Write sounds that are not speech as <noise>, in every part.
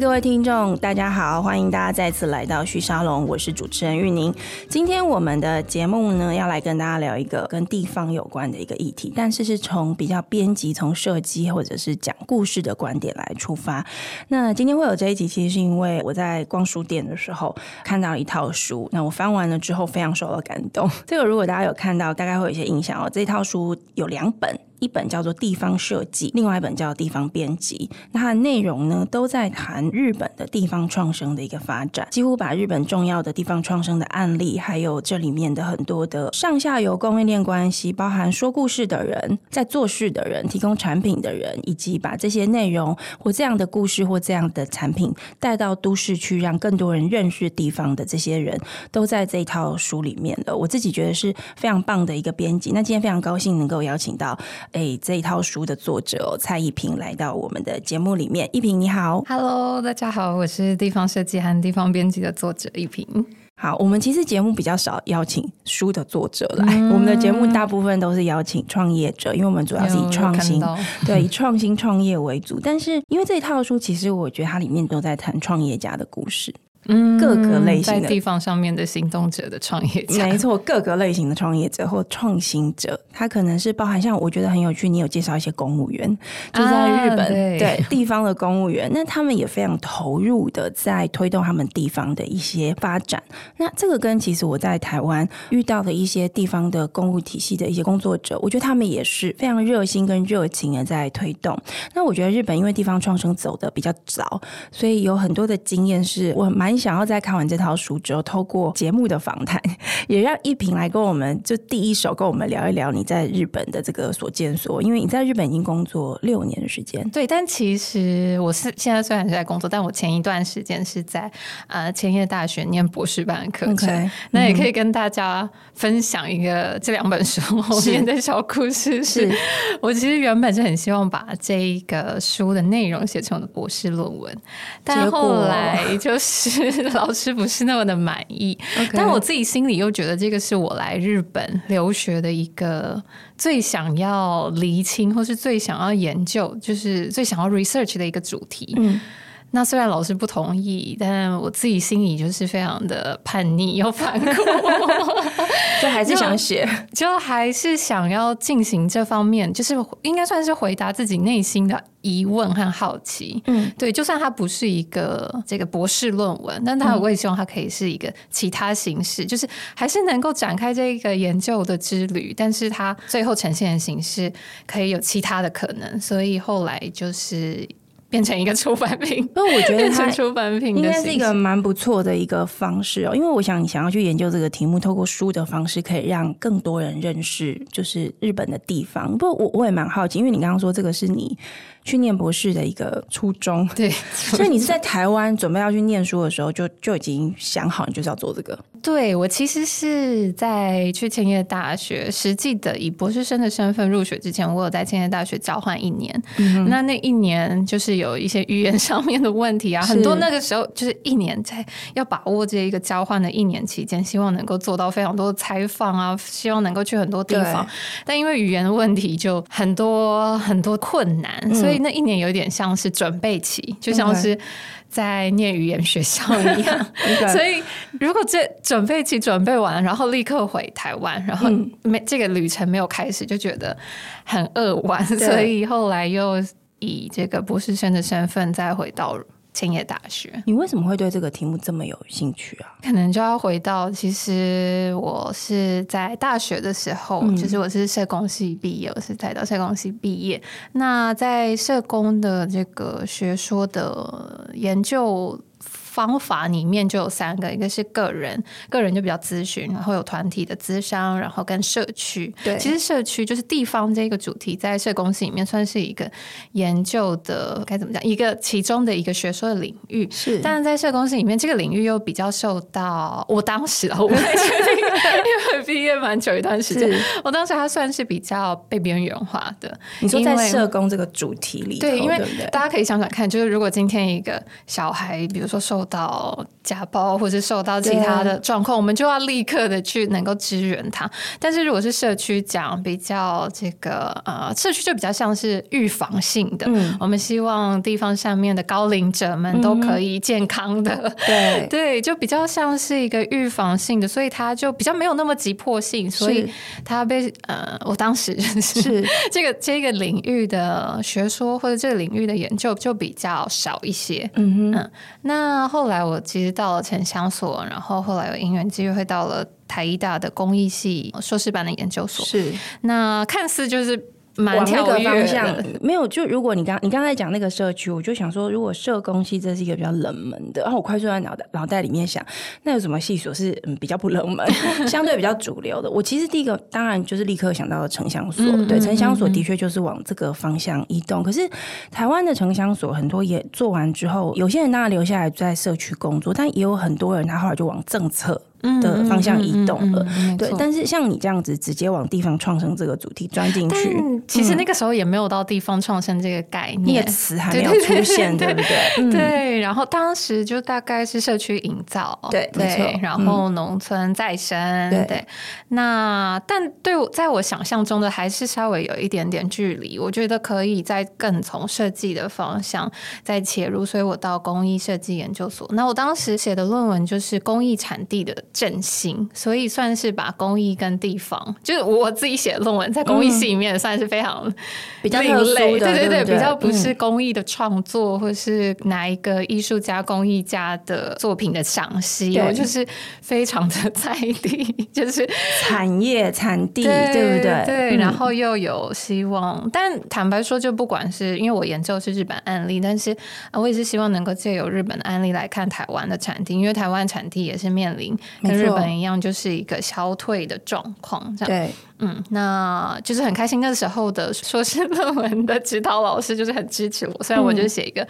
各位聽眾，大家好，歡迎大家再次來到旭沙龍，我是主持人玉寧。今天我們的節目呢，要來跟大家聊一個跟地方有關的一個議題，但是是從比較編輯、從設計或者是講故事的觀點來出發。那今天會有這一集，其實是因為我在逛書店的時候看到一套書，那我翻完了之後非常受到感動。這個如果大家有看到，大概會有一些印象哦。這套書有兩本。一本叫做《地方設計》，另外一本叫《地方編輯》，那它的內容呢，都在談日本的地方創生的一個發展，幾乎把日本重要的地方創生的案例，還有這裡面的很多的上下游供應鏈關係，包含說故事的人、在做事的人、提供產品的人，以及把這些內容或這樣的故事或這樣的產品帶到都市去，讓更多人認識地方的這些人，都在這一套書裡面了。我自己覺得是非常棒的一個編輯。那今天非常高興能夠邀請到。哎，這一套書的作者蔡奕屏來到我們的節目裡面。奕屏，你好，Hello，大家好，我是地方設計和地方編輯的作者奕屏。好，我們其實節目比較少邀請書的作者來，mm hmm. 我們的節目大部分都是邀請創業者，因為我們主要是以創新，yeah, 對，以創新創業為主。 <laughs> 但是，因為這一套書，其實我覺得它裡面都在談創業家的故事。嗯，各個類型的、嗯、在地方上面的行動者的創業者，沒錯，各個類型的創業者或創新者，他可能是包含像我覺得很有趣，你有介紹一些公務員，嗯、就在日本、嗯、對地方的公務員，那他們也非常投入的在推動他們地方的一些發展。那這個跟其實我在台灣遇到的一些地方的公務體系的一些工作者，我覺得他們也是非常熱心跟熱情的在推動。那我覺得日本因為地方創生走得比較早，所以有很多的經驗是我蠻。你想要在看完這套書之後，透過節目的訪談，也讓奕屏來跟我們就第一手跟我們聊一聊你在日本的這個所見所聞。因為你在日本已經工作六年的時間，對。但其實我是現在雖然是在工作，但我前一段時間是在呃千葉大學念博士班的課程。Okay. Mm hmm. 那也可以跟大家分享一個這兩本書是後面的小故事是。是我其實原本是很希望把這一個書的內容寫成我的博士論文，但後來就是。結果 <laughs> <laughs> 老師不是那麼的滿意，Okay. 但我自己心裡又覺得這個是我來日本留學的一個最想要釐清，或是最想要研究，就是最想要 research 的一個主題。嗯那雖然老師不同意，但我自己心裡就是非常的叛逆又反骨， <laughs> <laughs> 就還是想寫，就還是想要進行這方面，就是應該算是回答自己內心的疑問和好奇。嗯，對，就算它不是一個這個博士論文，但它我也希望它可以是一個其他形式，嗯、就是還是能夠展開這個研究的之旅，但是它最後呈現的形式可以有其他的可能。所以後來就是。變成一個出版品，不過我覺得它出版品應該是一個蠻不錯的一個方式哦。因為我想你想要去研究這個題目，透過書的方式，可以讓更多人認識就是日本的地方。不過我我也蠻好奇，因為你剛剛說這個是你去念博士的一個初衷，對，就是、所以你是在台灣準備要去念書的時候就，就就已經想好你就是要做這個。對，我其實是在去千葉大學，實際的以博士生的身份入學之前，我有在千葉大學交換一年。嗯、哼那那一年就是有一些語言上面的問題啊，是很多那個時候就是一年在要把握這一個交換的一年期間，希望能夠做到非常多的採訪啊，希望能夠去很多地方，對但因為語言的問題，就很多很多困難，所以、嗯。所以那一年有點像是準備期，就像是在念語言學校一樣。Okay. <laughs> 所以如果這準備期準備完，然後立刻回台灣，然後沒這個旅程沒有開始，就覺得很扼腕。嗯、所以後來又以這個博士生的身份再回到。千葉大學，你為什麼會對這個題目這麼有興趣啊？可能就要回到，其實我是在大學的時候，嗯、其實我是社工系畢業，我是才到社工系畢業。那在社工的這個學說的研究方法裡面就有三個，一個是個人，個人就比較諮詢，然後有團體的諮商，然後跟社區。對，其實社區就是地方這一個主題，在社工系裡面算是一個研究的該怎麼講一個其中的一個學說的領域。是，但是在社工系裡面，這個領域又比較受到我當時，我。 <laughs> <laughs> 因為畢業蠻久一段時間，是我當時還算是比較被邊緣化的。你說在社工這個主題裡，對，因為大家可以想想看，就是如果今天一個小孩，比如說受到家暴或者受到其他的狀況，啊、我們就要立刻的去能夠支援他。但是如果是社區講比較這個呃，社區就比較像是預防性的，嗯，我們希望地方上面的高齡者們都可以健康的，嗯、對對，就比較像是一個預防性的，所以他就。比較沒有那麼急迫性，所以他被呃，我當時是 <laughs> 這個這個領域的學說或者這個領域的研究就比較少一些。嗯哼嗯，那後來我其實到了城鄉所，然後後來有因緣機會到了臺藝大的工藝系碩士班的研究所，是那看似就是。往那個方向，沒有。就如果你剛你剛才講那個社區，我就想說，如果社工系這是一個比較冷門的，然後我快速在腦袋腦袋裡面想，那有什麼系所是比較不冷門， <laughs> 相對比較主流的？我其實第一個當然就是立刻想到了城鄉所。 <laughs> 對，城鄉所的確就是往這個方向移動。可是台灣的城鄉所很多也做完之後，有些人他留下來在社區工作，但也有很多人他後來就往政策。的方向移動了，嗯嗯嗯嗯、對。但是像你這樣子直接往地方創生這個主題鑽進去，其實那個時候也沒有到地方創生這個概念，業詞、嗯嗯、還沒有出現，對不對？嗯、對。然後當時就大概是社區營造，對，然後農村再生，嗯、對，對。那但對我在我想象中的還是稍微有一點點距離。我覺得可以再更從設計的方向再切入，所以我到工藝設計研究所。那我當時寫的論文就是工藝產地的。振興，所以算是把工藝跟地方，就是我自己寫論文在工藝系裡面、嗯、算是非常比較另類的對對對，比較不是工藝的創作，嗯、或是哪一個藝術家、工藝家的作品的賞析、喔，我對就是非常的在地，就是產業產地，對，對不對？對，然後又有希望，但坦白說，就不管是因為我研究是日本案例，但是啊，我也是希望能夠借由日本的案例來看台灣的產地，因為台灣產地也是面臨。跟日本一樣，錯就是一個消退的狀況。這樣。對，嗯，那就是很開心那時候的碩士論文的指導老師就是很支持我，所以我就寫一個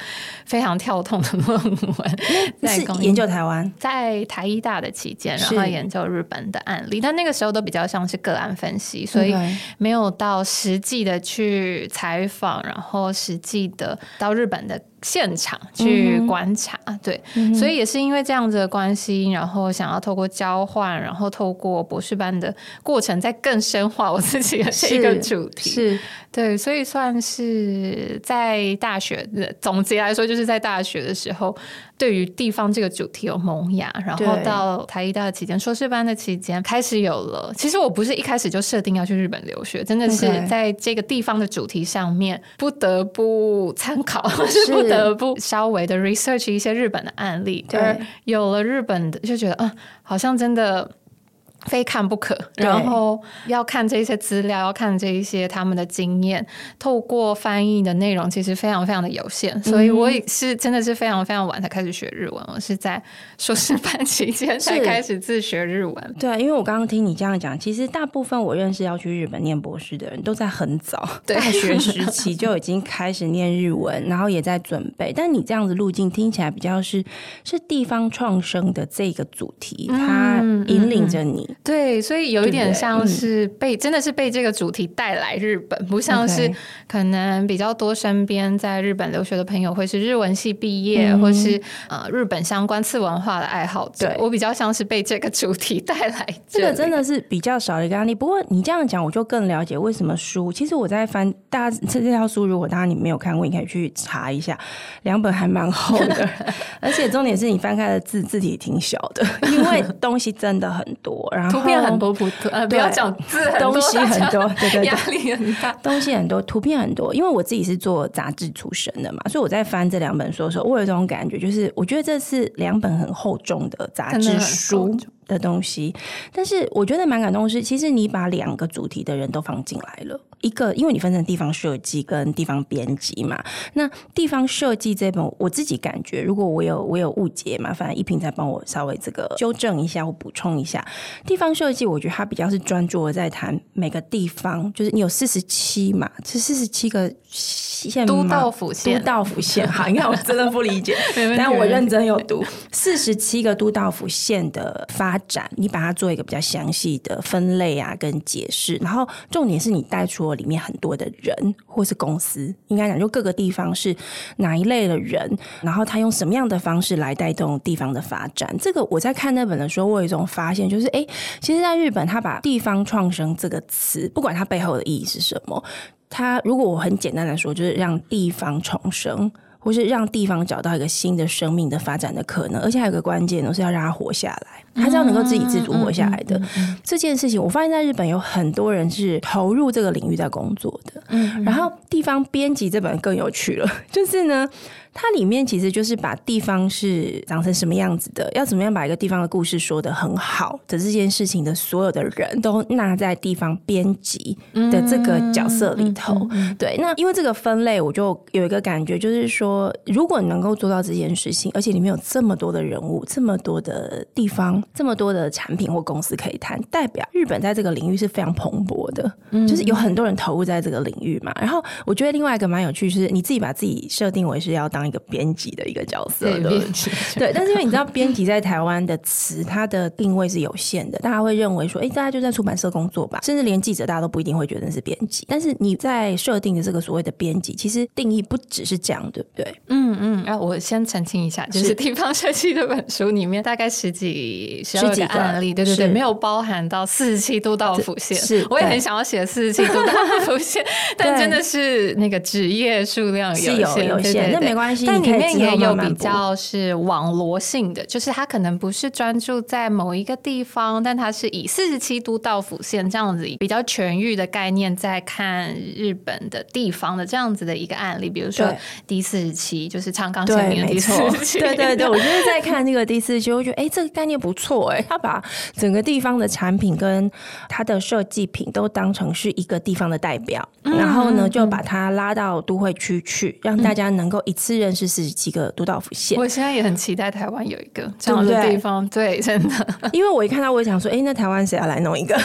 非常跳 tone 的論文。嗯、在公司研究台灣，在台藝大的期間，然後研究日本的案例，是但那個時候都比較像是個案分析，所以沒有到實際的去採訪，然後實際的到日本的。現場去觀察，嗯、哼對，嗯、哼所以也是因為這樣子的關係，然後想要透過交換，然後透過博士班的過程，再更深化我自己的一個主題，是，是對，所以算是在大學的，總結來說就是在大學的時候。對於地方這個主題有萌芽，然後到台大的期間、碩士對班的期間開始有了。其實我不是一開始就設定要去日本留學，Okay. 真的是在這個地方的主題上面不得不參考，或是 <laughs> 不得不稍微的 research 一些日本的案例，對而有了日本的就覺得啊、嗯，好像真的。非看不可，對然後要看這些資料，要看這一些他們的經驗。透過翻譯的內容，其實非常非常的有限，嗯、所以我也是真的是非常非常晚才開始學日文。我是在碩士班期間才開始自學日文。對、啊，因為我剛剛聽你這樣講，其實大部分我認識要去日本念博士的人都在很早對大學時期就已經開始念日文， <laughs> 然後也在準備。但你這樣子路徑聽起來比較是是地方創生的這個主題，嗯、它引領着你。嗯對，所以有一點像是被真的是被這個主題帶來日本，不像是可能比較多身邊在日本留學的朋友會是日文系畢業，或是、呃、日本相關次文化的愛好者。我比較像是被這個主題帶來，這個真的是比較少的一個案例。不過你這樣講，我就更了解為什麼書。其實我在翻大家這這套書，如果大家你沒有看過，你可以去查一下，兩本還蠻厚的，而且重點是你翻開的字字體挺小的，因為東西真的很多。然後圖片很多，普呃，對不要講字很多，東西很多，對對對，壓力很大，對對對，東西很多，圖片很多，因為我自己是做雜誌出身的嘛，所以我在翻這兩本書的時候，我有這種感覺，就是我覺得這是兩本很厚重的雜誌書的東西，但是我覺得蠻感動的是，其實你把兩個主題的人都放進來了。一個，因為你分成地方設計跟地方編輯嘛，那地方設計這本，我自己感覺，如果我有我有誤解嘛，麻煩奕屏再幫我稍微這個糾正一下，或補充一下。地方設計，我覺得他比較是專注在談每個地方，就是你有四十七嘛，是四十七個縣，都道府縣，都道府縣。哈,哈，你看我真的不理解， <laughs> 沒問題但我認真有讀。四十七個都道府縣的發展，你把它做一個比較詳細的分類啊，跟解釋，然後重點是你帶出。裡面很多的人或是公司，應該講，就各個地方是哪一類的人，然後他用什麼樣的方式來帶動地方的發展。這個我在看那本的時候，我有一種發現，就是哎、欸，其實，在日本，他把“地方創生”這個詞，不管它背後的意義是什麼，它如果我很簡單來說，就是讓地方重生。或是讓地方找到一個新的生命的發展的可能，而且還有一個關鍵，都是要讓它活下來，它是要能夠自給自足活下來的。嗯嗯嗯嗯、這件事情，我發現在日本有很多人是投入這個領域在工作的。嗯，嗯然後地方編輯這本更有趣了，就是呢。它裡面其實就是把地方是長成什麼樣子的，要怎麼樣把一個地方的故事說得很好的這，這件事情的所有的人都納在地方編輯的這個角色裡頭。嗯嗯嗯嗯、對，那因為這個分類，我就有一個感覺，就是說，如果你能夠做到這件事情，而且裡面有這麼多的人物、這麼多的地方、這麼多的產品或公司可以談，代表日本在這個領域是非常蓬勃的，就是有很多人投入在這個領域嘛。然後我覺得另外一個蠻有趣是，是你自己把自己設定為是要當。一個編輯的一個角色，對，對，但是因為你知道，編輯在台灣的詞，它的定位是有限的，大家會認為說，哎，大家就在出版社工作吧，甚至連記者，大家都不一定會覺得是編輯。但是你在設定的這個所謂的編輯，其實定義不只是這樣，對不對？嗯嗯嗯，哎、啊，我先澄清一下，就是地方設計這本書裡面大概十幾、十幾案例，對對對，是沒有包含到四十七都道府縣，是，我也很想要寫四十七都道府縣， <laughs> 但真的是那個職業數量有限有有限，對對對對，那沒關係。但慢慢裡面也有比較是網羅性的，就是他可能不是專注在某一個地方，但他是以四十七都道府縣這樣子比較全域的概念在看日本的地方的這樣子的一個案例，比如說第四十七就是長岡賢明，沒錯，對對對，我就是在看那個第四十七，我覺得哎，這， <laughs> 這個概念不錯哎，他把整個地方的產品跟他的設計品都當成是一個地方的代表，然後呢就把它拉到都會區去，讓大家能夠一次。認識四十七個都道府縣，我現在也很期待台灣有一個這樣的地方對對。對，真的，因為我一看到，我也想說，哎、欸，那台灣誰要來弄一個？ <laughs>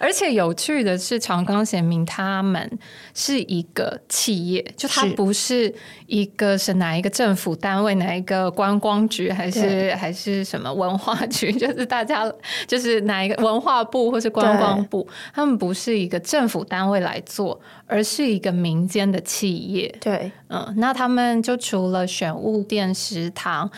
而且有趣的是，長岡賢明他們是一個企業，是就他不是一個是哪一個政府單位，哪一個觀光局，還是對還是什麼文化局？就是大家就是哪一個文化部或是觀光部，對他們不是一個政府單位來做。而是一個民間的企業，對，嗯，那他們就除了選物店、食堂、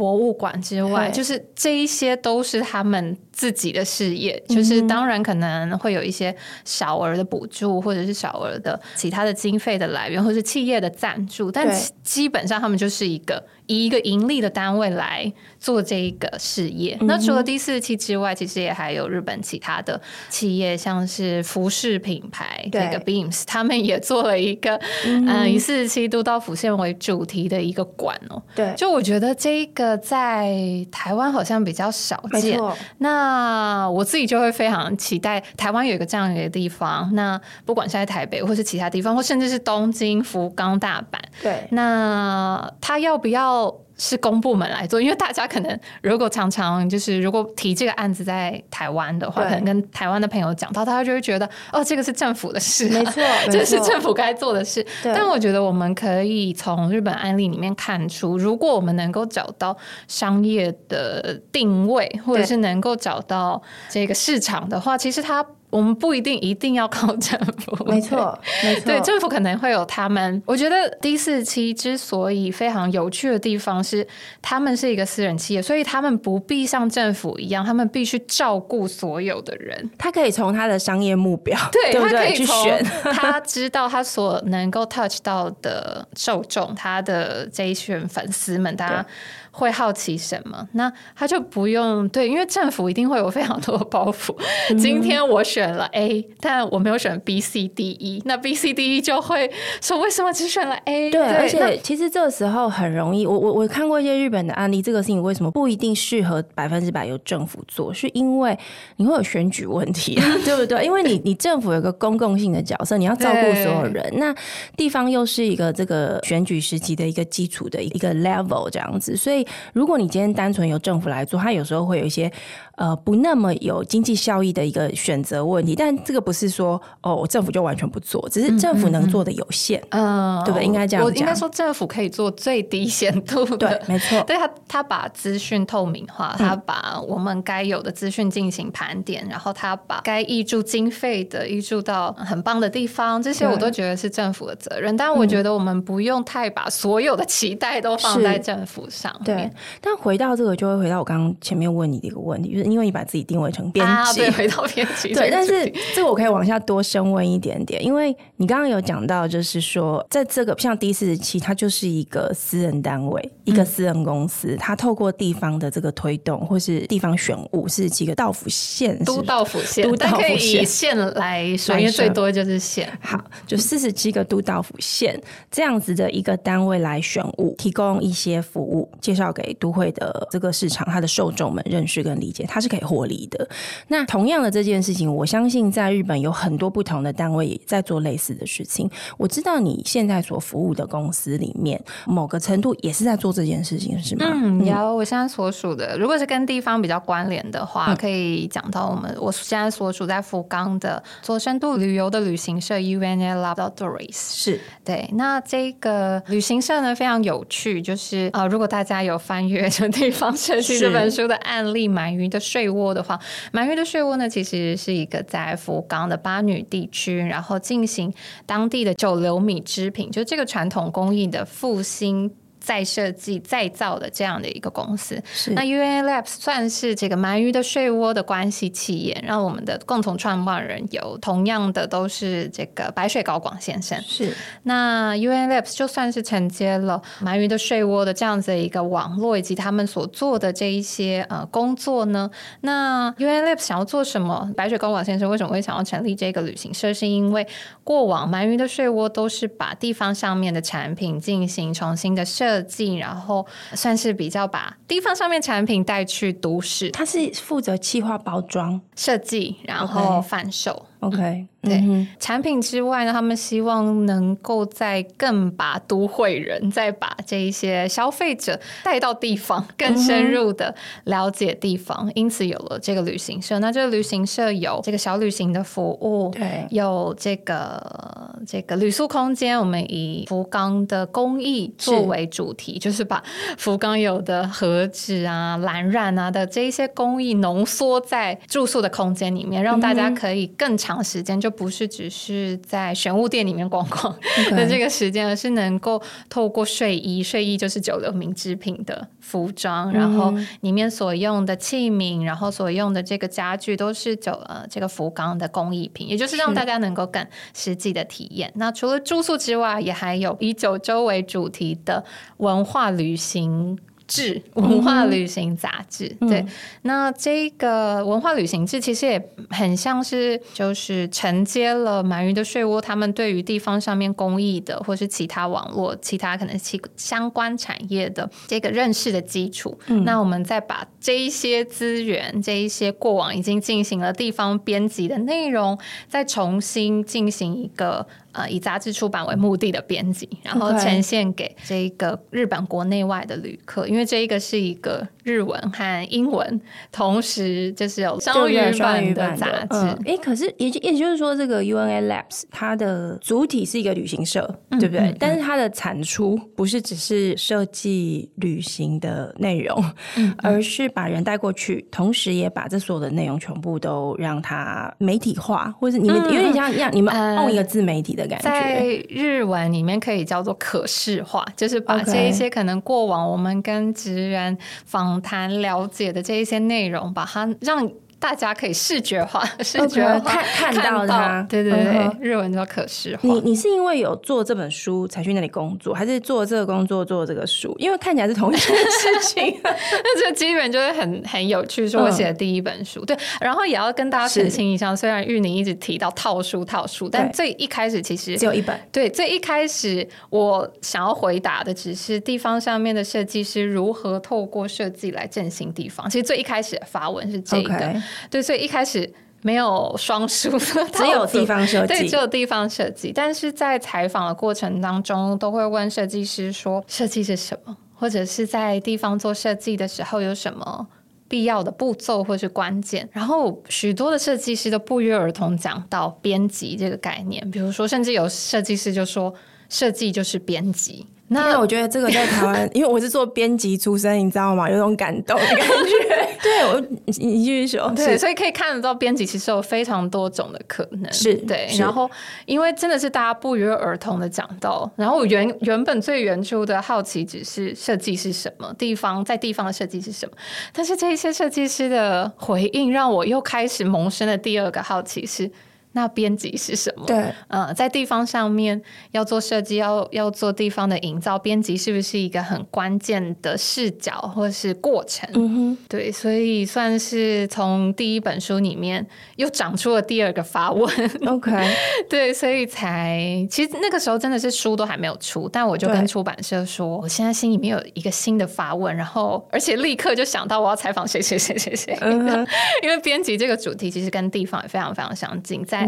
博物館之外，對就是這一些都是他們自己的事業。嗯、哼就是當然可能會有一些小額的補助，或者是小額的其他的經費的來源，或者是企業的贊助。但對基本上他們就是一個以一個盈利的單位來做這一個事業。嗯、哼那除了第四十七之外，其實也還有日本其他的企業，像是服飾品牌對這個 Beams，他們也做了一個嗯以四十七都道府縣為主題的一個館哦、喔。對，就我覺得這一個，在台灣好像比較少見，沒錯，那我自己就會非常期待台灣有一個這樣的地方。那不管是在台北，或是其他地方，或甚至是東京、福岡、大阪，對，那他要不要是公部門來做，因為大家可能如果常常就是如果提這個案子在台灣的話，對可能跟台灣的朋友講到，他就會覺得哦，這個是政府的事啊，沒錯，沒錯，這是政府該做的事。對但我覺得我們可以從日本案例裡面看出，如果我們能夠找到商業的定位，或者是能夠找到這個市場的話，對其實它。我們不一定一定要靠政府，對，沒錯，沒錯。對，政府可能會有他們。我覺得第四期之所以非常有趣的地方是，他們是一個私人企業，所以他們不必像政府一樣，他們必須照顧所有的人。他可以從他的商業目標，對不對？去選，他，他知道他所能夠 touch 到的受眾， <laughs> 他的這一群粉絲們，他。會好奇什麼？那他就不用對，因為政府一定會有非常多的包袱。嗯、今天我選了 A，但我沒有選 B、C、D、E，那 B、C、D、E 就會說，為什麼只選了 A？對，對而且那其實這個時候很容易，我我我看過一些日本的案例，這個事情為什麼不一定適合百分之百由政府做？是因為你會有選舉問題， <laughs> 對不對？因為你你政府有一個公共性的角色，你要照顧所有人，對那地方又是一個這個選舉時期的一個基礎的一個 level 這樣子，所以。如果你今天單純由政府來做，它有時候會有一些呃不那麼有經濟效益的一個選擇問題。但這個不是說哦，政府就完全不做，只是政府能做的有限，嗯，對不對？嗯、應該這樣講，我應該說政府可以做最低限度的， <laughs> 對，沒錯。對，他他把資訊透明化，他把我們該有的資訊進行盤點，嗯、然後他把該挹注經費的挹注到很棒的地方，這些我都覺得是政府的責任。嗯、但我覺得我們不用太把所有的期待都放在政府上。對，但回到這個，就會回到我剛剛前面問你的一個問題，就是因為你把自己定位成編輯、啊，回到編輯。 <laughs> 對，但是這個我可以往下多深問一點點，因為你剛剛有講到，就是說在這個像 D47，它就是一個私人單位，一個私人公司，嗯、它透過地方的這個推動，或是地方選務四十七個道府縣，都道府縣， <laughs> 都道府縣但可以以縣來選，來生因為最多就是縣。好，就四十七個都道府縣、嗯、這樣子的一個單位來選務，提供一些服務，要給都會的這個市場，它的受眾們認識跟理解，它是可以獲利的。那同樣的這件事情，我相信在日本有很多不同的單位也在做類似的事情。我知道你現在所服務的公司裡面，某個程度也是在做這件事情，是嗎？嗯，有。我現在所屬的，如果是跟地方比較關聯的話，嗯、可以講到我們我現在所屬在福岡的做深度旅遊的旅行社是 UNA Laboratories 是對。那這個旅行社呢，非常有趣，就是啊、呃，如果大家有有翻閱這地方設計這本書的案例，鰻魚是的睡窩的話，鰻魚的睡窩呢，其實是一個在福岡的八女地區，然後進行當地的久留米製品，就這個傳統工藝的復興。再設計、再造的這樣的一個公司，是那 UNA Labs 算是這個鰻魚的睡窩的關係企業，讓我們的共同創辦人有同樣的都是這個白水高廣先生。是那 UNA Labs 就算是承接了鰻魚的睡窩的這樣子的一個網絡，以及他們所做的這一些呃工作呢？那 UNA Labs 想要做什麼？白水高廣先生為什麼會想要成立這個旅行社？是因為過往鰻魚的睡窩都是把地方上面的產品進行重新的設。然後算是比較把地方上面產品帶去都市。他是負責企劃包裝設計，然後販售。嗯 OK，對、嗯、哼產品之外呢，他們希望能夠再更把都會人再把這一些消費者帶到地方，更深入的了解地方，嗯、哼因此有了這個旅行社。那這個旅行社有這個小旅行的服務，對，有這個這個旅宿空間。我們以福岡的工藝作為主題，是就是把福岡有的和紙啊、藍染啊的這一些工藝濃縮在住宿的空間裡面，讓大家可以更長。時間就不是只是在玄武店裡面逛逛的這個時間，Okay. 而是能夠透過睡衣，睡衣就是久留米製品的服裝，嗯、然後裡面所用的器皿，然後所用的這個家具都是久呃這個福岡的工藝品，也就是讓大家能夠更實際的體驗。是那除了住宿之外，也還有以九州為主題的文化旅行。志文化旅行雜誌，嗯、對，那這個文化旅行志其實也很像是，就是承接了鰻魚的稅窩他們對於地方上面公益的，或是其他網絡、其他可能其相關產業的這個認識的基礎。嗯、那我們再把這一些資源、這一些過往已經進行了地方編輯的內容，再重新進行一個。呃，以雜誌出版為目的的編輯，然後呈現給這個日本國內外的旅客，Okay. 因為這一個是一個。日文和英文，同時就是有雙語版的雜誌。哎、嗯，可是也就也就是說，這個 UNA Labs 它的主體是一個旅行社，嗯、對不對？嗯嗯、但是它的產出不是只是設計旅行的內容，嗯、而是把人帶過去，同時也把這所有的內容全部都讓它媒體化，或是你們、嗯、有點像一樣，你們弄一個自媒體的感覺、嗯呃。在日文裡面可以叫做可視化，就是把 Okay. 這一些可能過往我們跟職人、訪。訪談了解的這一些內容，把它讓。大家可以視覺化、視覺看 Okay, 看到它，到他對對對，嗯、哼日文叫可視化。你你是因為有做這本書才去那裡工作，還是做這個工作做這個書？因為看起來是同一件事情、啊， <laughs> <laughs> 那這基本就是很很有趣。是我、嗯、寫的第一本書，對。然後也要跟大家澄清一下，是雖然玉寧一直提到套書套書，但最一開始其實只有一本。對，最一開始我想要回答的只是地方上面的設計師如何透過設計來振興地方。其實最一開始的發文是這一個。Okay. 對，所以一開始沒有雙書，只有地方設計。對，只有地方設計。但是在採訪的過程當中，都會問設計師說：“設計是什麼？”或者是在地方做設計的時候有什麼必要的步驟或是關鍵？然後許多的設計師都不約而同講到“編輯”這個概念，比如說，甚至有設計師就說：“設計就是編輯。”那我覺得這個在台灣， <laughs> 因為我是做編輯出身，你知道嗎？有種感動的感覺。 <laughs> <laughs> 對，我你繼續說。對，是所以可以看得到，編輯其實有非常多種的可能。是對，是然後因為真的是大家不約而同的講到，然後我原原本最原初的好奇只是設計是什麼地方，在地方的設計是什麼，但是這一些設計師的回應讓我又開始萌生的第二個好奇是，那編輯是什麼？對，嗯，在地方上面要做設計，要要做地方的營造，編輯是不是一個很關鍵的視角或者是過程？嗯、哼對，所以算是從第一本書裡面又長出了第二個發問。OK， <laughs> 對，所以才其實那個時候真的是書都還沒有出，但我就跟出版社說，對我現在心裡面有一個新的發問，然後而且立刻就想到我要採訪誰誰誰誰誰，嗯、哼 <laughs> 因為編輯這個主題其實跟地方也非常非常相近，在，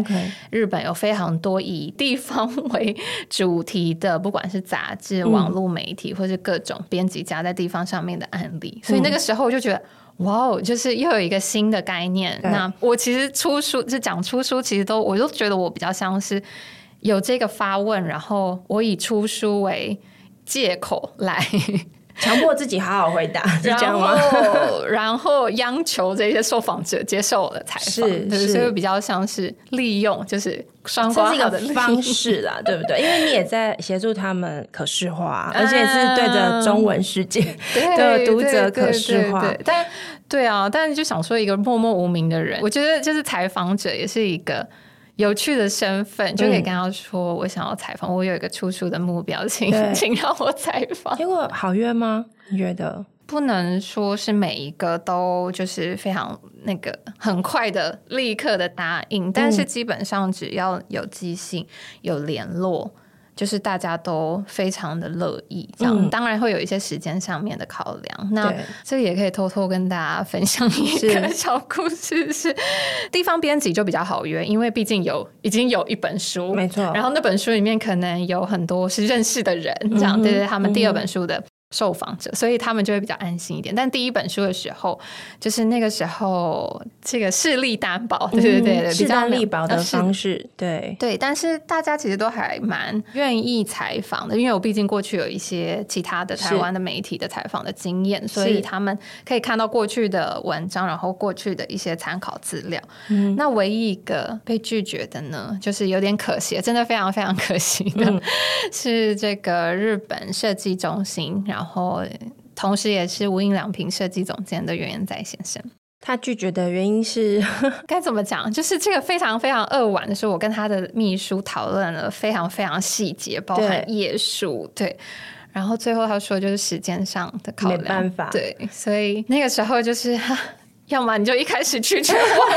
日本有非常多以地方為主題的，不管是雜誌、網絡媒體，或是各種編輯家在地方上面的案例，所以那個時候我就覺得，哇哦，就是又有一個新的概念。對那我其實出書，就講出書，其實都我都覺得我比較像是有這個發問，然後我以出書為借口來。 <laughs> 強迫自己好好回答，這樣嗎？然後然後央求這些受訪者接受了才採訪是是，所以比較像是利用，就是雙方的方式啦，對不對？ <laughs> 因為你也在協助他們可視化，嗯、而且是對着中文世界對、讀者可視化。對對對對對但對啊，但是就想說一個默默無名的人，我覺得就是採訪者也是一個。有趣的身份就可以跟他說：“我想要採訪，嗯、我有一個出處，處的目標，請對請讓我採訪。”結果好約嗎？你覺得不能說是每一個都就是非常那個很快的立刻的答應，但是基本上只要有寄信、嗯、有聯絡。就是大家都非常的樂意這樣，嗯、當然會有一些時間上面的考量。嗯、那對這也可以偷偷跟大家分享一個是小故事是：是地方編輯就比較好約，因為畢竟有已經有一本書，沒錯錯。然後那本書裡面可能有很多是認識的人，這樣、嗯、哼對對，對他們第二本書的、嗯。受訪者，所以他們就會比較安心一點。但第一本書的時候，就是那個時候，這個勢力單薄，對對對對，勢單、嗯、力薄的方式，啊、對對。但是大家其實都還蠻願意採訪的，因為我畢竟過去有一些其他的台灣的媒體的採訪的經驗，是所以他們可以看到過去的文章，然後過去的一些參考資料。嗯，那唯一一個被拒絕的呢，就是有點可惜，真的非常非常可惜的、嗯、是，這個日本設計中心，然後。然後，同時也是無印良品設計總監的原研哉先生，他拒絕的原因是 <laughs> 該怎麼講？就是這個非常非常扼腕的是，我跟他的秘書討論了非常非常細節，包含頁數，對，對。然後最後他說就是時間上的考量，對。所以那個時候就是呵呵要麼你就一開始去全忘，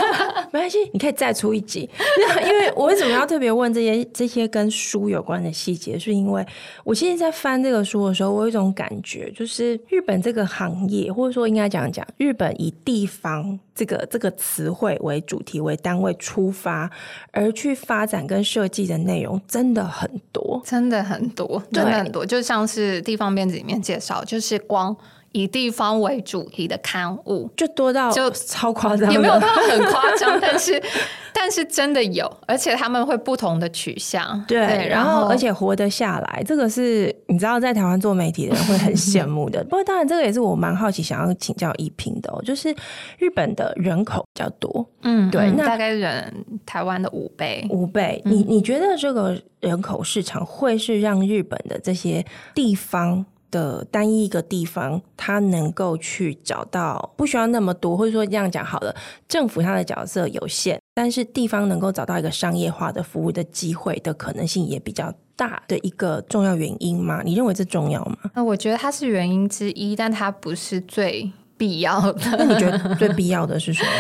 <laughs> 沒關係，你可以再出一集。 <laughs> 因為我為什麼要特別問這些這些跟書有關的細節？ <laughs> 是因為我現在在翻這個書的時候，我有一種感覺，就是日本這個行業，或者說應該講講日本以地方這個這個詞彙為主題為單位出發而去發展跟設計的內容真的，真的很多，真的很多，真的很多，就像是地方編輯裡面介紹，就是光。以地方為主題的刊物就多到超誇張就超誇張，也沒有到很誇張， <laughs> 但是但是真的有，而且他們會不同的取向，對,對，然後而且活得下來，這個是你知道在台灣做媒體的人會很羨慕的。 <laughs> 不過當然，這個也是我蠻好奇想要請教奕屏的、喔，就是日本的人口比較多，嗯，對，嗯、那大概人台灣的五倍，五倍。嗯、你你覺得這個人口市場會是讓日本的這些地方？的單一一個地方，它能夠去找到不需要那麼多，或者說這樣講好了，政府它的角色有限，但是地方能夠找到一個商業化的服務的機會的可能性也比較大的一個重要原因嘛？你認為這重要嗎？那、呃、我覺得它是原因之一，但它不是最。必要的那 <laughs> 你覺得最必要的是什麼？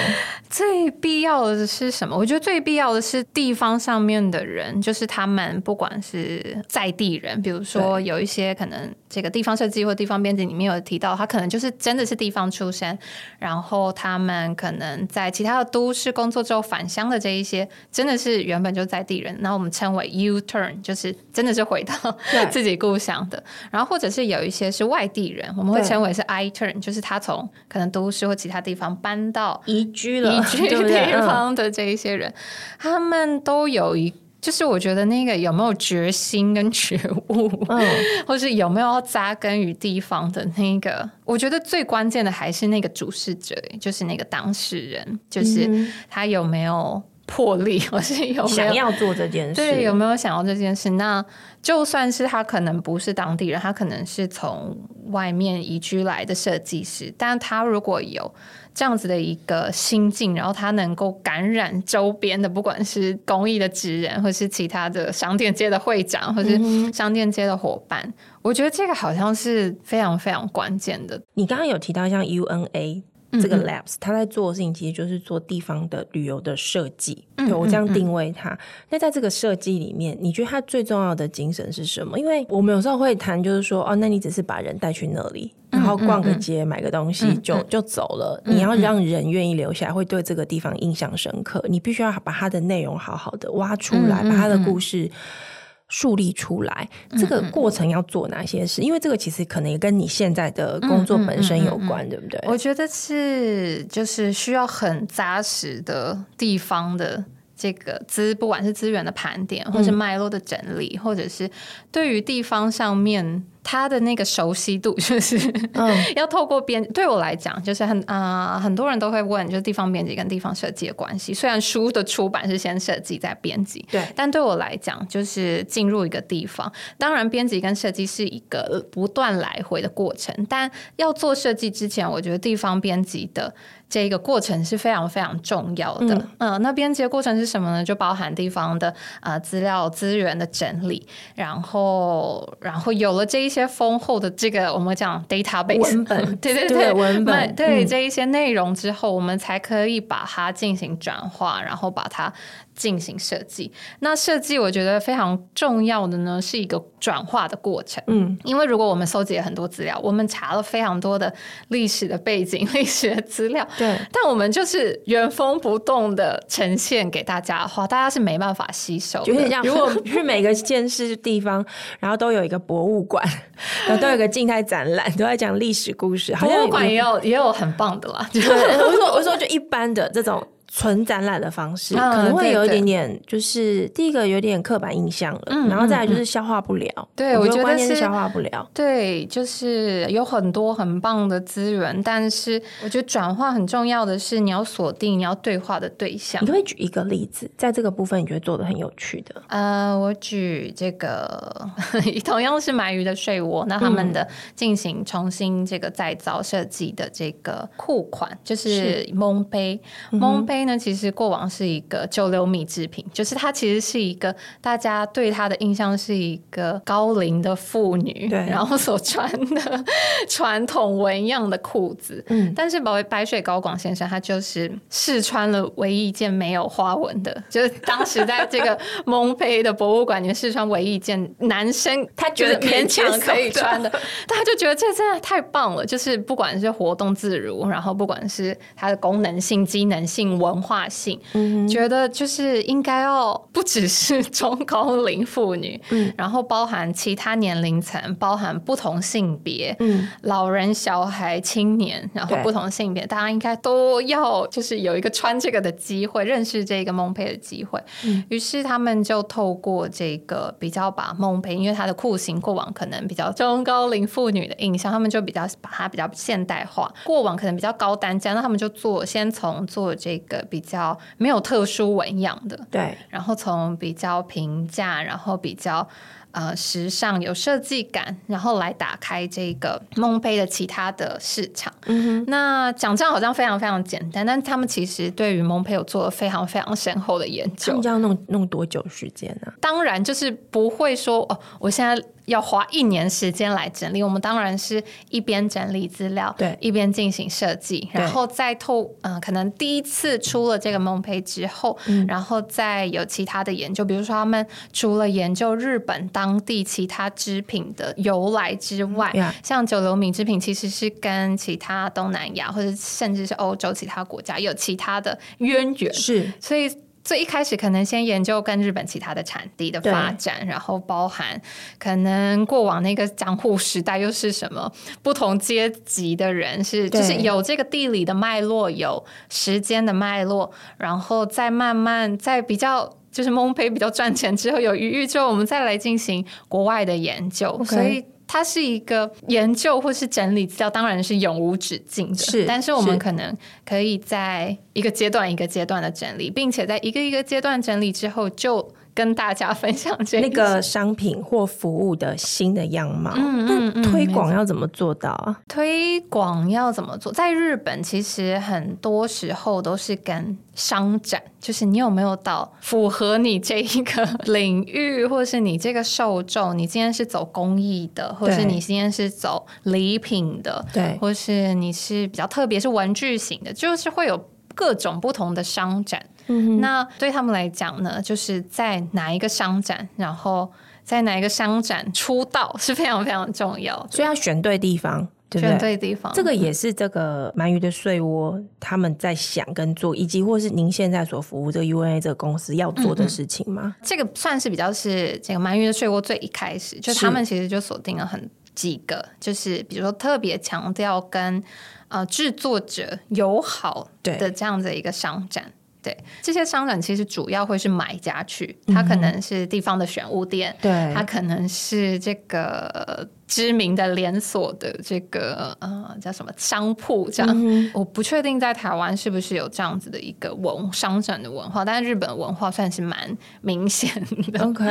<laughs> 最必要的是什麼？我覺得最必要的是地方上面的人，就是他們不管是在地人，比如說有一些可能這個地方設計或地方編輯裡面有提到，他可能就是真的是地方出身，然後他們可能在其他的都市工作之後返鄉的這一些，真的是原本就在地人，那我們稱為 U turn，就是真的是回到自己故鄉的。對然後或者是有一些是外地人，我們會稱為是 I turn，就是他從可能都市或其他地方搬到、移居了，移居地方的這一些人，對對嗯、他們都有一，就是我覺得那個有沒有決心跟覺悟，嗯、或是有沒有要紮根於地方的那個，我覺得最關鍵的還是那個主事者，就是那個當事人，就是他有沒有魄力，嗯、或是有，有想要做這件事，對，有沒有想要這件事？那。就算是他可能不是當地人，他可能是從外面移居來的設計師，但他如果有這樣子的一個心境，然後他能夠感染周邊的，不管是工藝的職人，或是其他的商店街的會長，或是商店街的夥伴，嗯、哼我覺得這個好像是非常非常關鍵的。你剛剛有提到像 UNA。這個 labs，他在做的事情其實就是做地方的旅遊的設計，嗯嗯嗯。對，我這樣定位他。那在這個設計裡面，你覺得他最重要的精神是什麼？因為我們有時候會談，就是說，哦，那你只是把人帶去那裡，然後逛個街，嗯嗯嗯。買個東西，就就走了。嗯嗯。你要讓人願意留下來，會對這個地方印象深刻。你必須要把它的內容好好的挖出來，嗯嗯嗯。把它的故事。樹立出來，這個過程要做哪些事？嗯嗯嗯，因為這個其實可能也跟你現在的工作本身有關，對不對？我覺得是，就是需要很扎實的地方的這個資，不管是資源的盤點，或是脈絡的整理，嗯、或者是對於地方上面。他的那個熟悉度，就是、嗯、 <laughs> 要透過編，對我來講就是很啊、呃，很多人都會問，就是地方編輯跟地方設計的關係。雖然書的出版是先設計再編輯，對，但對我來講就是進入一個地方，當然編輯跟設計是一個不斷來回的過程。但要做設計之前，我覺得地方編輯的。這個過程是非常非常重要的。嗯、呃，那編輯的過程是什麼呢？就包含地方的啊、呃、資料資源的整理，然後然後有了這一些豐厚的這個我們講 database 文本、嗯，對對對，對文本對這一些內容之後，我們才可以把它進行轉化，嗯、然後把它，進行設計，那設計我覺得非常重要的呢，是一個轉化的過程。嗯，因為如果我們蒐集了很多資料，我們查了非常多的歷史的背景、歷史的資料，對，但我們就是原封不動的呈現給大家的話，大家是沒辦法吸收。就是這樣。如果去每個建市地方， <laughs> 然後都有一個博物館，然後都有個靜態展覽， <laughs> 都在講歷史故事，博物館也有也有很棒的啦。對 <laughs> 我說我說就一般的 <laughs> 這種。純展覽的方式，嗯、可能會有一點點，對對，就是第一個有點刻板印象了，嗯、然後再來就是消化不了。對，我覺得是消化不了。對，就是有很多很棒的資源，但是我覺得轉化很重要的是你要鎖定你要對話的對象。你會舉一個例子，在這個部分你覺得做的很有趣的？呃，我舉這個同樣是鰻魚的睡窩，嗯、那他們的進行重新這個再造設計的這個褲款，就是蒙杯蒙杯。那其實過往是一個久留米製品，就是它其實是一個大家對它的印象是一個高齡的婦女，對，然後所穿的傳統紋樣的褲子。嗯，但是保衛白水高廣先生他就是試穿了唯一一件沒有花紋的，就是當時在這個蒙培的博物館裡面試穿唯一一件男生 <laughs> 他覺得勉強可以穿的， <laughs> 他就覺得這真的太棒了，就是不管是活動自如，然後不管是它的功能性、機能性。文化性，嗯、哼覺得就是應該要不只是中高齡婦女，嗯、然後包含其他年齡層，包含不同性別，嗯、老人、小孩、青年，然後不同性別，對大家應該都要就是有一個穿這個的機會，認識這個孟培的機會。嗯、於是他們就透過這個比較把孟培，因為他的褲型過往可能比較中高齡婦女的印象，他們就比較把它比較現代化，過往可能比較高單價，那他們就做先從做這個。比較沒有特殊紋樣的，對，然後從比較平價，然後比較。呃，時尚有設計感，然後來打開這個蒙胚的其他的市場。嗯哼，那講這樣好像非常非常簡單，但他們其實對於蒙培有做了非常非常深厚的研究。你要弄弄多久時間呢？啊？當然，就是不會說哦，我現在要花一年時間來整理。我們當然是一邊整理資料，對，一邊進行設計，然後再透嗯、呃，可能第一次出了這個蒙胚之後，嗯、然後再有其他的研究，比如說他們除了研究日本當。當地其他織品的由來之外，Yeah. 像久留米織品，其實是跟其他東南亞或者甚至是歐洲其他國家有其他的淵源。是，所以最一開始可能先研究跟日本其他的產地的發展，對然後包含可能過往那個江戶時代又是什麼不同階級的人是，對就是有這個地理的脈絡，有時間的脈絡，然後再慢慢在比較。就是蒙培比較賺錢之後有餘裕之後，我們再來進行國外的研究，所以它是一個研究或是整理資料，當然是永無止境的。是，但是我們可能可以在一個階段一個階段的整理，並且在一個一個階段整理之後就。跟大家分享這個商品或服務的新的樣貌，嗯嗯嗯，推廣要怎麼做到啊？推廣要怎麼做？在日本，其實很多時候都是跟商展，就是你有沒有到符合你這一個領域，或是你這個受眾，你今天是走工藝的，或是你今天是走禮品的，對，或是你是比較特別是玩具型的，就是會有各種不同的商展。嗯、哼，那對他們來講呢，就是在哪一個商展，然後在哪一個商展出道是非常非常重要，所以要選對地方，對對選對地方。這個也是這個鰻魚的睡窩他們在想跟做，以及或是您現在所服務這個 UNA 這個公司要做的事情嗎？嗯、這個算是比較是這個鰻魚的睡窩最一開始，就是，他們其實就鎖定了很幾個，是就是比如說，特別強調跟呃、製作者友好的這樣的一個商展。對，這些商展其實主要會是買家去，嗯、哼他可能是地方的選物店，對，他可能是這個知名的連鎖的這個呃叫什麼商鋪這樣，嗯、哼我不確定在台灣是不是有這樣子的一個文商展的文化，但是日本文化算是蠻明顯的，OK，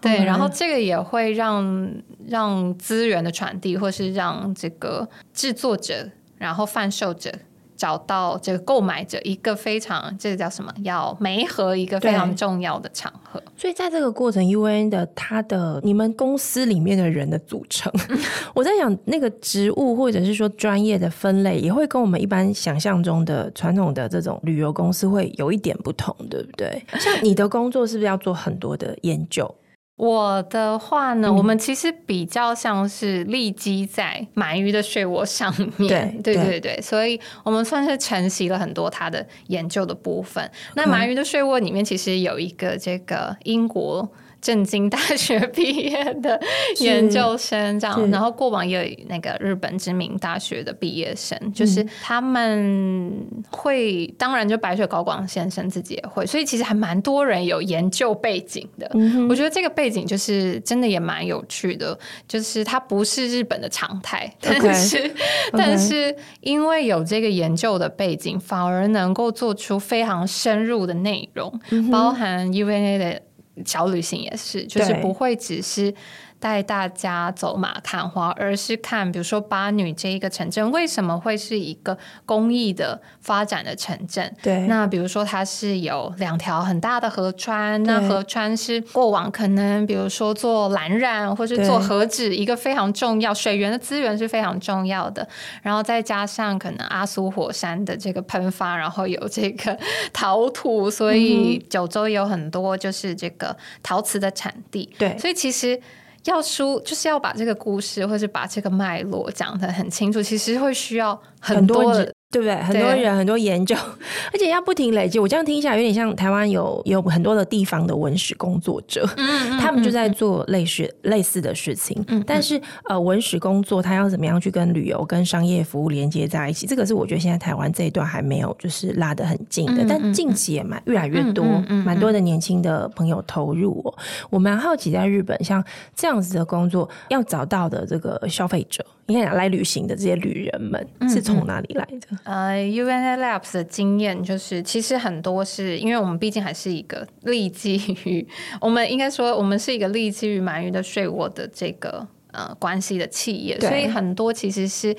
對，okay. 然後這個也會讓讓資源的傳遞，或是讓這個制作者，然後販售者。找到這個購買者一個非常這個叫什麼要媒合一個非常重要的場合，所以在這個過程，UNA 的它的你們公司裡面的人的組成，嗯、我在想那個職務或者是說專業的分類，也會跟我們一般想象中的傳統的這種旅遊公司會有一點不同，對不對？像你的工作是不是要做很多的研究？我的話呢，嗯、我們其實比較像是立基在鰻魚的睡窩上面，對，對對對，對所以我們算是承襲了很多他的研究的部分。嗯、那鰻魚的睡窩裡面其實有一個這個英國。東京大學畢業的是研究生這樣，是然後過往也有那個日本知名大學的畢業生，嗯、就是他們會，當然就白水高廣先生自己也會，所以其實還蠻多人有研究背景的。嗯、哼我覺得這個背景就是真的也蠻有趣的，就是它不是日本的常態，Okay. 但是 Okay. 但是因為有這個研究的背景，反而能夠做出非常深入的內容，嗯、哼包含 UNA 的。小旅行也是，就是不會只是。帶大家走馬看花，而是看，比如說八女這一個城鎮，為什麼會是一個工藝的發展的城鎮？對。那比如說它是有兩條很大的河川，對那河川是過往可能，比如說做藍染或是做和紙，對一個非常重要水源的資源是非常重要的。然後再加上可能阿蘇火山的這個噴發，然後有這個陶土，所以九州也有很多就是這個陶瓷的產地。對。所以其實。要輸，就是要把這個故事，或是把這個脈絡講得很清楚，其實會需要很多的對不對？很多人對很多研究，而且要不停累積。我這樣聽起來有點像台灣有有很多的地方的文史工作者，嗯嗯嗯嗯他們就在做類似類似的事情。嗯嗯但是呃，文史工作他要怎麼樣去跟旅遊、跟商業服務連接在一起？這個是我覺得現在台灣這一段還沒有就是拉得很近的，嗯嗯嗯但近期也蠻越來越多，蠻、嗯嗯嗯嗯嗯、多的年輕的朋友投入哦。我蠻好奇，在日本像這樣子的工作要找到的這個消費者，你看來旅行的這些旅人們是從哪裡來的？嗯嗯呃，UNA、uh, Labs 的經驗就是，其實很多是因為我們畢竟還是一個立基於我們應該說，我們是一個立基於鰻魚的睡窩的這個呃關係的企業，對所以很多其實是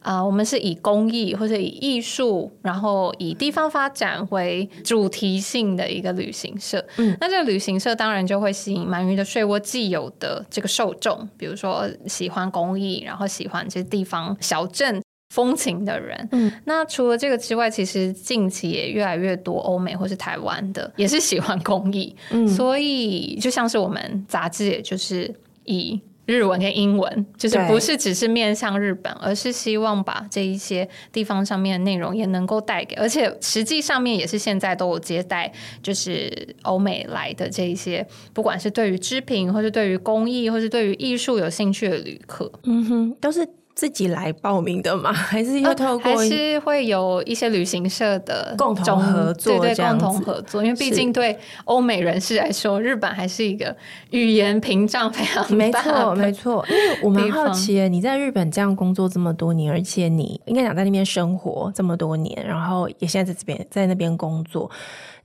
啊、呃，我們是以工藝或者以藝術，然後以地方發展為主題性的一個旅行社。嗯，那這個旅行社當然就會吸引鰻魚的睡窩既有的這個受眾，比如說喜歡工藝，然後喜歡這地方小鎮。風情的人，嗯，那除了這個之外，其實近期也越來越多歐美或是台灣的，也是喜歡工藝。嗯，所以就像是我們雜誌，也就是以日文跟英文，就是不是只是面向日本，對而是希望把這一些地方上面的內容也能夠帶給，而且實際上面也是現在都有接待，就是歐美來的這一些，不管是對於織品或是對於工藝或是對於藝術有興趣的旅客，嗯哼，都是。自己來報名的嗎？還是要透過、呃、還是會有一些旅行社的共同合作這樣子？對對，共同合作？因為畢竟對歐美人士來說，是日本還是一個語言屏障非常大。沒錯，沒錯。方我蠻好奇，你在日本這樣工作這麼多年，而且你應該想在那邊生活這麼多年，然後也現在在這邊在那邊工作。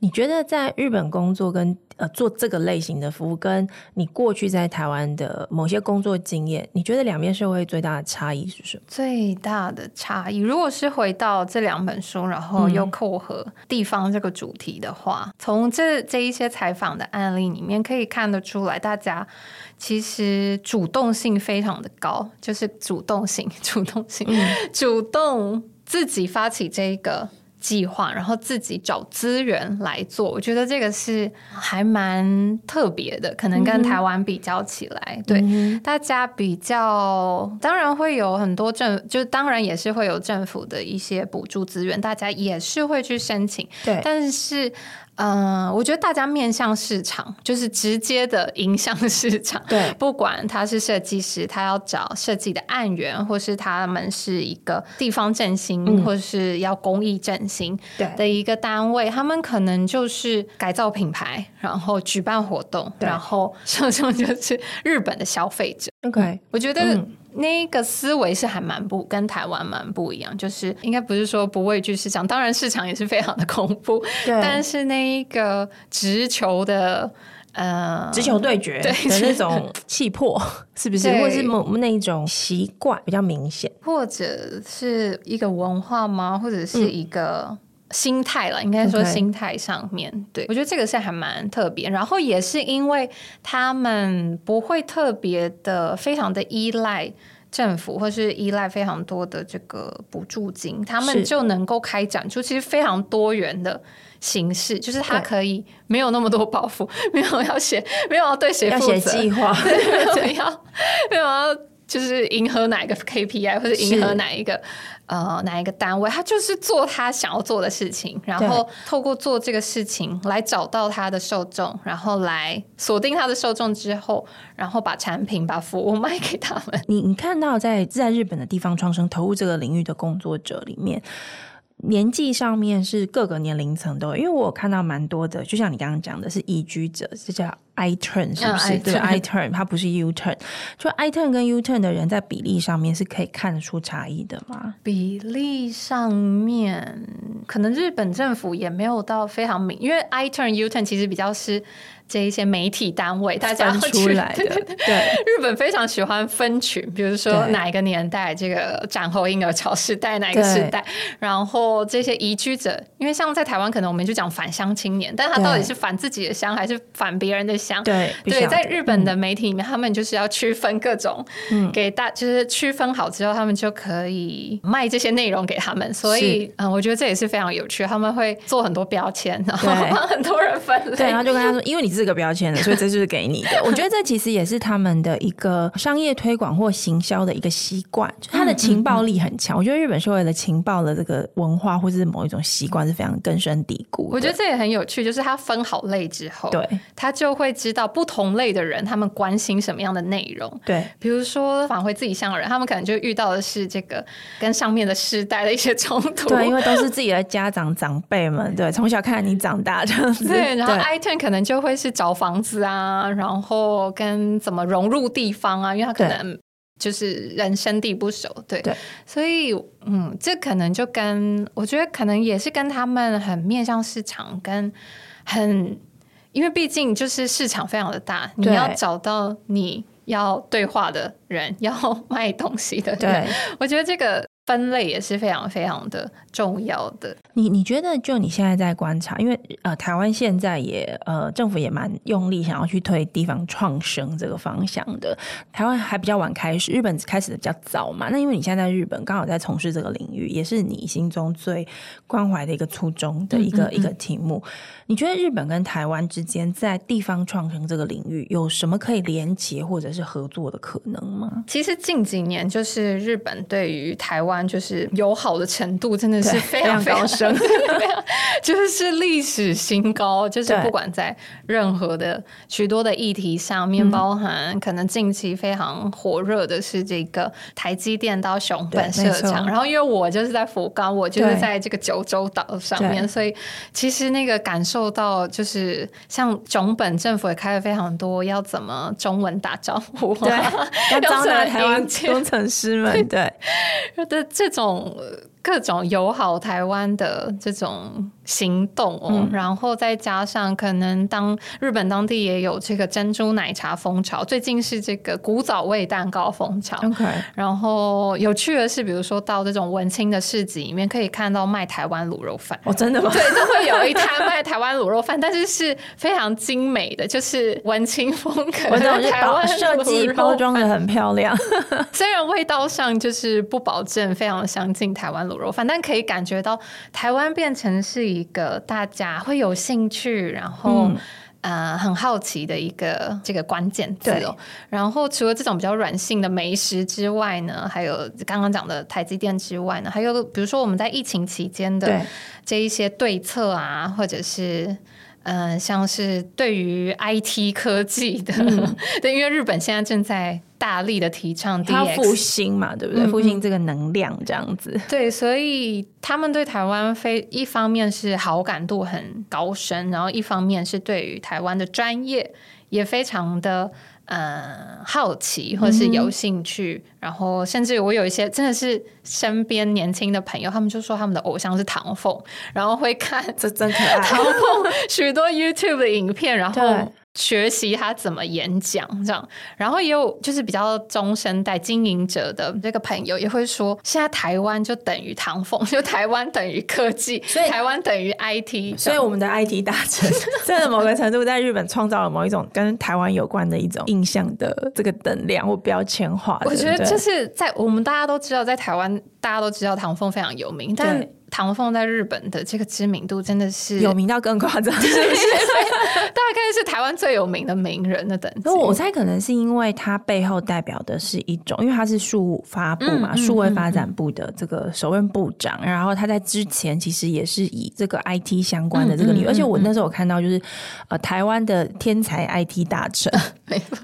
你覺得在日本工作跟呃做這個類型的服務，跟你過去在台灣的某些工作經驗，你覺得兩邊社會最大的差異是什麼？最大的差異，如果是回到這兩本書，然後又扣合地方這個主題的話，嗯、從這這一些採訪的案例裡面可以看得出來，大家其實主動性非常的高，就是主動性、主動性、主動自己發起這個。計劃，然後自己找資源來做，我覺得這個是還蠻特別的，可能跟台灣比較起來，嗯哼。對，大家比較，當然會有很多政，就當然也是會有政府的一些補助資源，大家也是會去申請，對，但是。嗯，uh, 我覺得大家面向市場就是直接的迎向市場。對不管他是設計師，他要找設計的案源，或是他們是一個地方振興，嗯、或是要工藝振興的一個單位，對他們可能就是改造品牌，然後舉辦活動，對然後受眾就是日本的消費者。OK，我覺得、嗯。那一個思維是還蠻不跟台灣蠻不一樣，就是應該不是說不畏懼市場，當然市場也是非常的恐怖，對但是那一個直球的，呃，直球對決的那種氣魄，是，是不是？對或者是某那種習慣比較明顯，或者是一個文化嗎？或者是一個？嗯心態了，應該說心態上面 Okay. 對，我覺得這個是還蠻特別。然後也是因為他們不會特別的、非常的依賴政府，或是依賴非常多的這個補助金，他們就能夠開展出其實非常多元的形式，是的就是他可以沒有那麼多包袱，對沒有要寫，沒有要對誰負責，寫計劃，沒有要，沒有要。就是迎合哪一個 KPI，或者迎合哪一個是呃哪一個單位，他就是做他想要做的事情，然後透過做這個事情來找到他的受眾，然後來鎖定他的受眾之後，然後把產品把服務賣給他們。你你看到在在日本的地方創生投入這個領域的工作者裡面，年紀上面是各個年齡層都有，因為我看到蠻多的，就像你剛剛講的是移居者，是叫。I turn 是不是？Uh, I 對，I turn 它不是 U turn。就 I turn 跟 U turn 的人在比例上面是可以看出差異的嗎？比例上面，可能日本政府也沒有到非常明，因為 I turn U turn 其實比較是。這一些媒體單位，大家出來的，對，日本非常喜歡分群，比如說哪一個年代，這個戰後嬰兒潮時代，哪一個時代，然後這些移居者，因為像在台灣，可能我們就講返鄉青年，但他到底是返自己的鄉還是返別人的鄉？對對，在日本的媒體裡面，他們就是要區分各種，給大就是區分好之後，他們就可以賣這些內容給他們。所以，嗯，我覺得這也是非常有趣，他們會做很多標籤，然後幫很多人分類，對，然後就跟他說，因為你是。這個標籤的，所以這就是給你的。 <laughs> 我覺得這其實也是他們的一個商業推廣或行銷的一個習慣，就他的情報力很強。嗯嗯嗯，我覺得日本社會的情報的這個文化或是某一種習慣是非常根深蒂固的。我覺得這也很有趣，就是他分好類之後，對，他就會知道不同類的人他們關心什麼樣的內容。對，比如說返回自己鄉的人，他們可能就遇到的是這個跟上面的世代的一些衝突。對，因為都是自己的家長長輩們，對，從 <laughs> 小看你長大這樣子。對，對，然後 I-turn 可能就會是。找房子啊，然後跟怎麼融入地方啊，因為他可能就是人生地不熟，對，對，所以嗯，這可能就跟我覺得可能也是跟他們很面向市場，跟很因為畢竟就是市場非常的大，對你要找到你要對話的人，要賣東西的，對，我覺得這個。分類也是非常非常的重要的。你你覺得就你現在在觀察，因為呃，台灣現在也呃，政府也蠻用力想要去推地方創生這個方向的。台灣還比較晚開始，日本開始的比較早嘛。那因為你現在在日本剛好在從事這個領域，也是你心中最關懷的一個初衷的一個嗯嗯一個題目。你覺得日本跟台灣之間在地方創生這個領域有什麼可以連結或者是合作的可能嗎？其實近幾年就是日本對於台灣就是友好的程度真的是非常，非常高深， <laughs> 就是歷史新高，就是不管在任何的許多的議題上面，對包含可能近期非常火熱的是這個台積電到熊本設廠，然後因為我就是在福岡，我就是在這個九州島上面，所以其實那個感受。受到就是像總本政府也開了非常多，要怎麼中文打招呼啊？對，要招納台灣工程師們，對。的這種各種友好台灣的這種行動哦，嗯、然後再加上可能，當日本當地也有這個珍珠奶茶風潮，最近是這個古早味蛋糕風潮。OK，然後有趣的是，比如說到這種文青的市集裡面，可以看到賣台灣滷肉飯。哦，真的嗎？對，都會有一攤賣台灣滷肉飯， <laughs> 但是是非常精美的，就是文青風格，我就是、台灣設計包裝的很漂亮。 <laughs> 雖然味道上就是不保。保證非常相近，台灣滷肉飯，但可以感覺到台灣變成是一個大家會有興趣，然後、嗯、呃很好奇的一個這個關鍵字哦。對然後除了這種比較軟性的美食之外呢，還有剛剛講的台積電之外呢，還有比如說我們在疫情期間的這一些對策啊，對或者是嗯、呃、像是對於 IT 科技的，嗯、 <laughs> 對，因為日本現在正在。大力的提倡，他復興嘛，對不對？嗯嗯，復興這個能量這樣子。對，所以他們對台灣非一方面是好感度很高深，然後一方面是對於台灣的專業也非常的、呃、好奇或者是有興趣。嗯、然後甚至我有一些真的是身邊年輕的朋友，他們就說他們的偶像是唐鳳，然後會看這真可愛唐鳳許多 YouTube 的影片，然後對。學習他怎麼演講，這樣，然後也有就是比較中生代經營者的這個朋友也會說，現在台灣就等於唐鳳，就台灣等於科技，所以台灣等於 IT，所以我們的 IT 大臣在某個程度在日本創造了某一種跟台灣有關的一種印象的這個等量或標籤化的。對對，我覺得就是在我們大家都知道，在台灣大家都知道唐鳳非常有名，但。唐鳳在日本的這個知名度真的是有名到更誇張，是不是？大概是台灣最有名的名人的等級。那我猜可能是因為他背後代表的是一種，因為他是數發部嘛，數位發展部的這個首任部長。然後他在之前其實也是以這個 IT 相關的這個理由。而且我那時候有看到就是、呃、台灣的天才 IT 大臣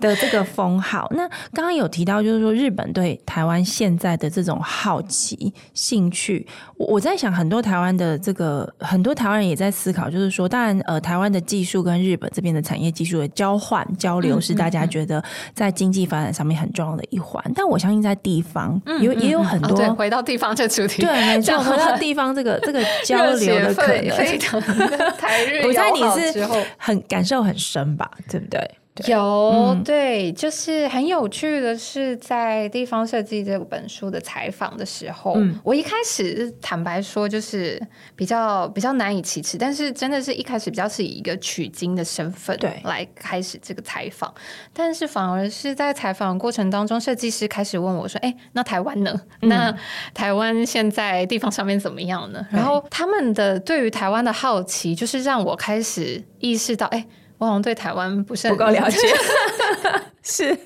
的這個封號。那剛剛有提到就是說日本對台灣現在的這種好奇興趣，我，我在想。很多台灣的這個很多台灣人也在思考，就是說，當然，呃，台灣的技術跟日本這邊的產業技術的交換交流，是大家覺得在經濟發展上面很重要的一環。嗯嗯、但我相信在地方有，有、嗯、也有很多、哦、回到地方就主題，對，回到地方這個這個交流的可能，我 <laughs> <laughs> 在你是之很感受很深吧，對不對？對有對，就是很有趣的是，在《地方設計》這本書的採訪的時候，嗯、我一開始坦白說就是比較比較難以啟齒，但是真的是一開始比較是以一個取經的身份對來開始這個採訪，對。但是反而是在採訪過程當中，設計師開始問我說：“哎、欸，那台灣呢？那台灣現在地方上面怎麼樣呢？”嗯、然後他們的對於台灣的好奇，就是讓我開始意識到，哎、欸。我好像對台灣不是很不夠了解。 <laughs> <laughs> 是，對，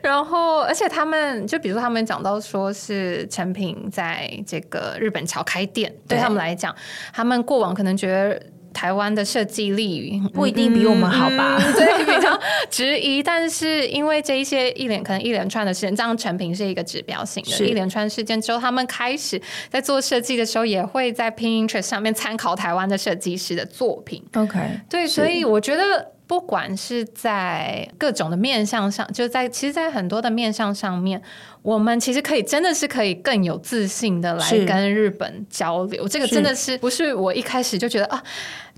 然後而且他們就比如說他們講到說是產品在這個日本橋開店，對，對他們來講，他們過往可能覺得。台灣的設計力、嗯、不一定比我們好吧，嗯、所以比較質疑。但是因為這一些一連可能一連串的事件，這樣成品是一個指標性的。是一連串事件之後，他們開始在做設計的時候，也會在 Pinterest 上面參考台灣的設計師的作品。OK，對，所以我覺得不管是在各種的面向上，就在其實，在很多的面向上面，我們其實可以真的是可以更有自信的來跟日本交流。是這個真的是，是不是我一開始就覺得啊。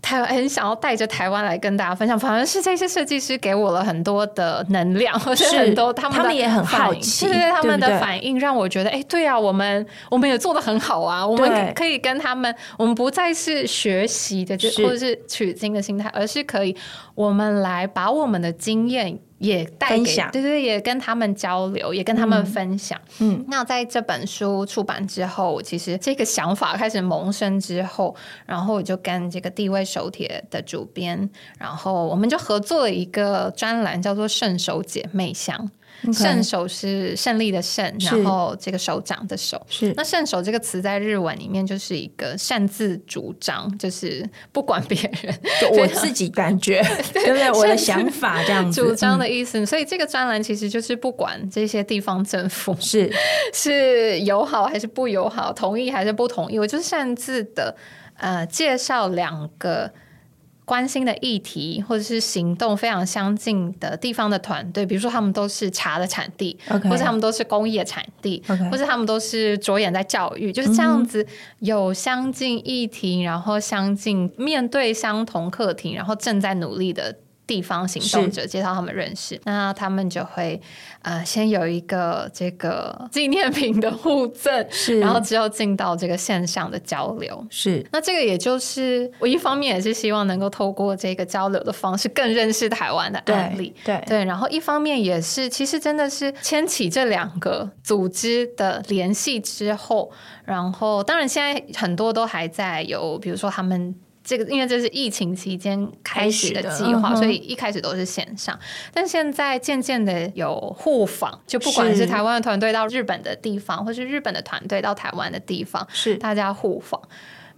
台灣很想要帶着台灣來跟大家分享，反而是這些設計師給我了很多的能量，或是而且很多他們，他們也很好奇，對對對，他們的反應讓我覺得，哎、欸，對啊，我們我們也做的很好啊，對我們可以跟他們，我們不再是學習的，就是或者是取經的心態，是而是可以，我們來把我們的經驗。也帶給分享對，對對，也跟他們交流，也跟他們分享。嗯，嗯，那在這本書出版之後，其實這個想法開始萌生之後，然後我就跟這個地位手帖的主編，然後我們就合作了一個專欄，叫做《聖手姐妹相》。勝 Okay. 手是勝利的勝，是然後這個手掌的手。是那勝手這個詞在日文裡面就是一個擅自主張，就是不管別人，就我自己感覺對不對，我的想法這樣子，主張的意思。嗯、所以這個專欄其實就是不管這些地方政府是是友好還是不友好，同意還是不同意，我就是擅自的呃介紹兩個。關心的議題或者是行動非常相近的地方的團隊，比如說他們都是茶的產地，Okay. 或者他們都是工藝的產地，Okay. 或者他們都是着眼在教育，Okay. 就是這樣子有相近議題，然後相近面對相同課題，然後正在努力的。地方行動者介紹他們認識，是。那他們就會呃先有一個這個紀念品的互贈，是。然後之後進到這個線上的交流，是。那這個也就是我一方面也是希望能夠透過這個交流的方式更認識台灣的案例，對，對，對。然後一方面也是其實真的是牽起這兩個組織的聯繫之後，然後當然現在很多都還在有，比如說他們。這個因為這是疫情期間開始的計劃，所以一開始都是線上，嗯、哼但現在漸漸的有互訪，就不管是台灣的團隊到日本的地方，是或是日本的團隊到台灣的地方，是大家互訪。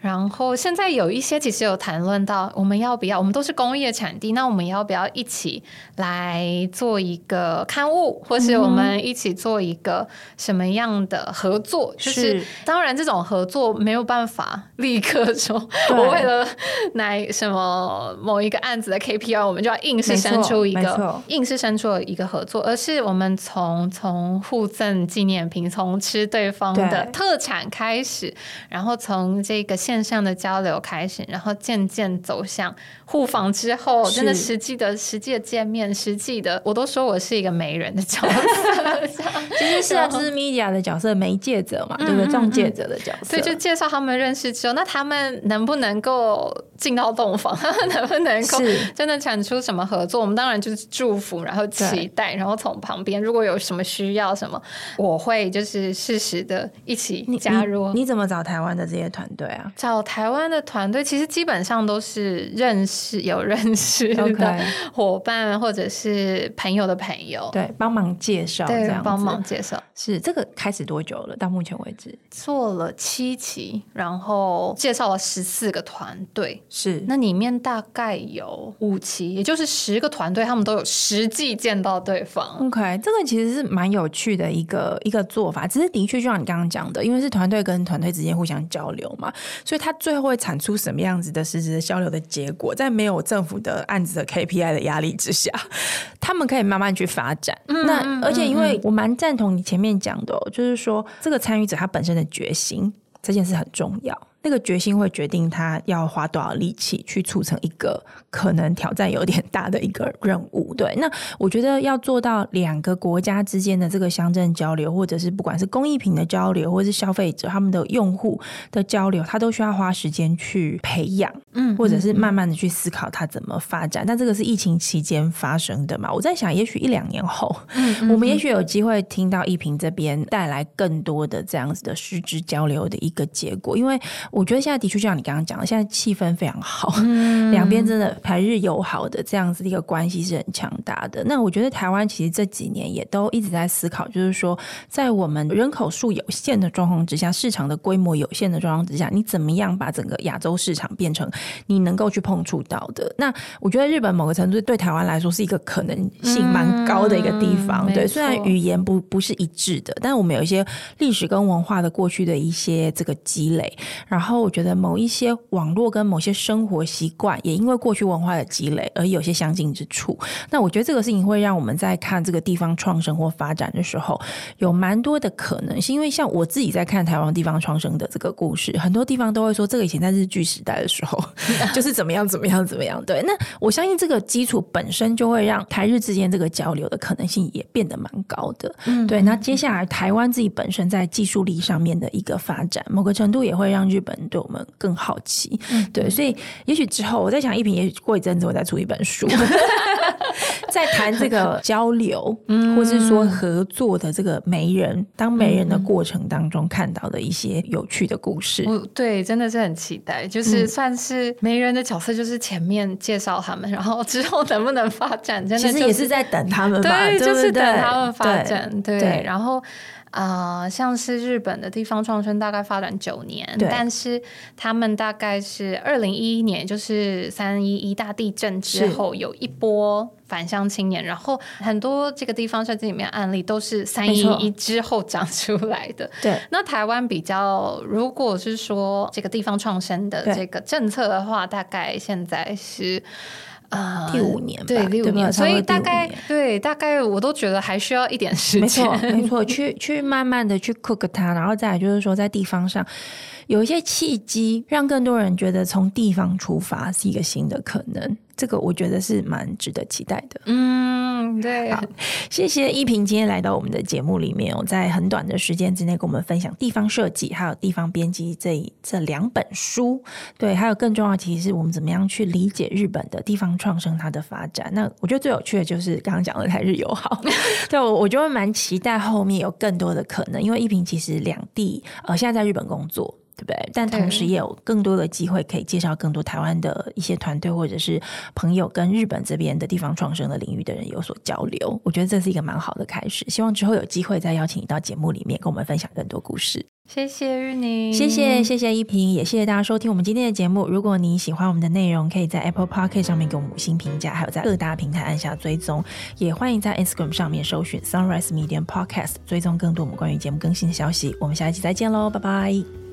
然後現在有一些其實有談論到我們要不要，我們都是工藝產地，那我們要不要一起來做一個刊物，或是我們一起做一個什麼樣的合作？嗯、哼就是，是當然，這種合作沒有辦法立刻說，對我為了來什麼某一個案子的 KPI，我們就要硬是生出一個錯硬是生出了一個合作，而是我們從從互贈紀念品，從吃對方的特產開始，對然後從這個。線上的交流開始，然後漸漸走向互訪之後，是真的實際的、實際的見面、實際的，我都說我是一個媒人的角色， <laughs> 像其實是啊，就是 media 的角色，媒介者嘛，對不對？中介者的角色，所以、嗯嗯嗯、就介紹他們認識之後，那他們能不能夠？進到洞房，能不能夠真的產出什麼合作？是我們當然就是祝福，然後期待，對然後從旁邊如果有什麼需要什麼，我會就是適時的一起加入。你，你，你怎麼找台灣的這些團隊啊？找台灣的團隊，其實基本上都是認識有認識的伙伴，Okay 或者是朋友的朋友，對，幫忙介紹這樣子，對，幫忙介紹。是這個開始多久了？到目前為止做了七期，然後介紹了十四個團隊。是，那裡面大概有五期，也就是十個團隊，他們都有實際見到對方。OK，這個其實是蠻有趣的一個一個做法，只是的確就像你剛剛講的，因為是團隊跟團隊之間互相交流嘛，所以他最後會產出什麼樣子的實質的交流的結果，在沒有政府的案子的 KPI 的壓力之下，他們可以慢慢去發展。嗯嗯嗯嗯。那而且因為我蠻贊同你前面講的哦，就是說，這個參與者他本身的決心這件事很重要。那個決心會決定他要花多少力氣去促成一個可能挑戰有點大的一個任務。對，那我覺得要做到兩個國家之間的這個鄉鎮交流，或者是不管是工藝品的交流，或者是消費者他們的用戶的交流，他都需要花時間去培養，嗯，或者是慢慢的去思考它怎麼發展。但、嗯、這個是疫情期間發生的嘛？我在想，也許一兩年後，嗯， <laughs> 我們也許有機會聽到奕屏這邊帶來更多的這樣子的實質交流的一個結果，因為。我覺得現在的確就像你剛剛講的，現在氣氛非常好，嗯、兩邊真的台日友好的這樣子的一個關係是很強大的。那我覺得台灣其實這幾年也都一直在思考，就是說，在我們人口數有限的狀況之下，市場的規模有限的狀況之下，你怎麼樣把整個亞洲市場變成你能夠去碰觸到的？那我覺得日本某個程度對台灣來說是一個可能性蠻高的一個地方。嗯、對，雖然語言不不是一致的，但我們有一些歷史跟文化的過去的一些這個積累，然後我覺得某一些網絡跟某些生活習慣，也因為過去文化的積累而有些相近之處。那我覺得這個事情會讓我們在看這個地方創生或發展的時候，有蠻多的可能性。因為像我自己在看台灣地方創生的這個故事，很多地方都會說，這個以前在日據時代的時候，就是怎麼樣怎麼樣怎麼樣。對，那我相信這個基礎本身就會讓台日之間這個交流的可能性也變得蠻高的。對，那接下來台灣自己本身在技術力上面的一個發展，某個程度也會讓日本。對我們更好奇，對，嗯、所以也許之後我在想，奕屏也許過一陣子我再出一本書， <laughs> <laughs> 在談這個交流，嗯、或是說合作的這個媒人，當媒人的過程當中看到的一些有趣的故事，對，真的是很期待。就是算是媒人的角色，就是前面介紹他們，嗯、然後之後能不能發展，真的、就是、其實也是在等他們吧，對，對對就是等他們發展，對，對，對，然後。啊、呃，像是日本的地方創生大概發展九年，對但是他們大概是二零一一年，就是三一一大地震之後有一波返鄉青年，是然後很多這個地方設計裡面的案例都是三一一之後長出來的。對，那台灣比較，如果是說這個地方創生的這個政策的話，對大概現在是。啊，第五年吧對，對不對？對，差不多第五年，所以大概對，大概我都覺得還需要一點時間，沒錯，沒錯，去去慢慢的去 cook 它，然後再來就是說，在地方上有一些契機，讓更多人覺得從地方出發是一個新的可能。這個我覺得是蠻值得期待的。嗯，對。好，謝謝奕屏。今天來到我們的節目裡面。哦。我在很短的時間之內，跟我們分享地方設計還有地方編輯這這兩本書。對，還有更重要的其實是我們怎麼樣去理解日本的地方創生它的發展。那我覺得最有趣的就是剛剛講的台日友好。 <laughs> 對我，我就會蠻期待後面有更多的可能，因為奕屏其實兩地呃現在在日本工作。對不對？但同時也有更多的機會可以介紹更多台灣的一些團隊或者是朋友，跟日本這邊的地方創生的領域的人有所交流。我覺得這是一個蠻好的開始。希望之後有機會再邀請你到節目裡面跟我們分享更多故事。謝謝玉寧。謝謝，謝謝謝謝奕屏，也謝謝大家收聽我們今天的節目。如果你喜歡我們的內容，可以在 Apple Podcast 上面給我們五星評價，還有在各大平台按下追蹤。也歡迎在 Instagram 上面搜尋 Sunrise Medium Podcast，追蹤更多我們關於節目更新的消息。我們下一期再見嘍，拜拜。